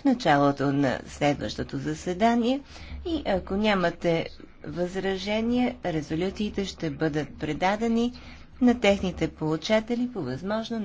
в началото на следващото заседание и ако нямате възражения, резолюциите ще бъдат предадени на техните получатели по възможно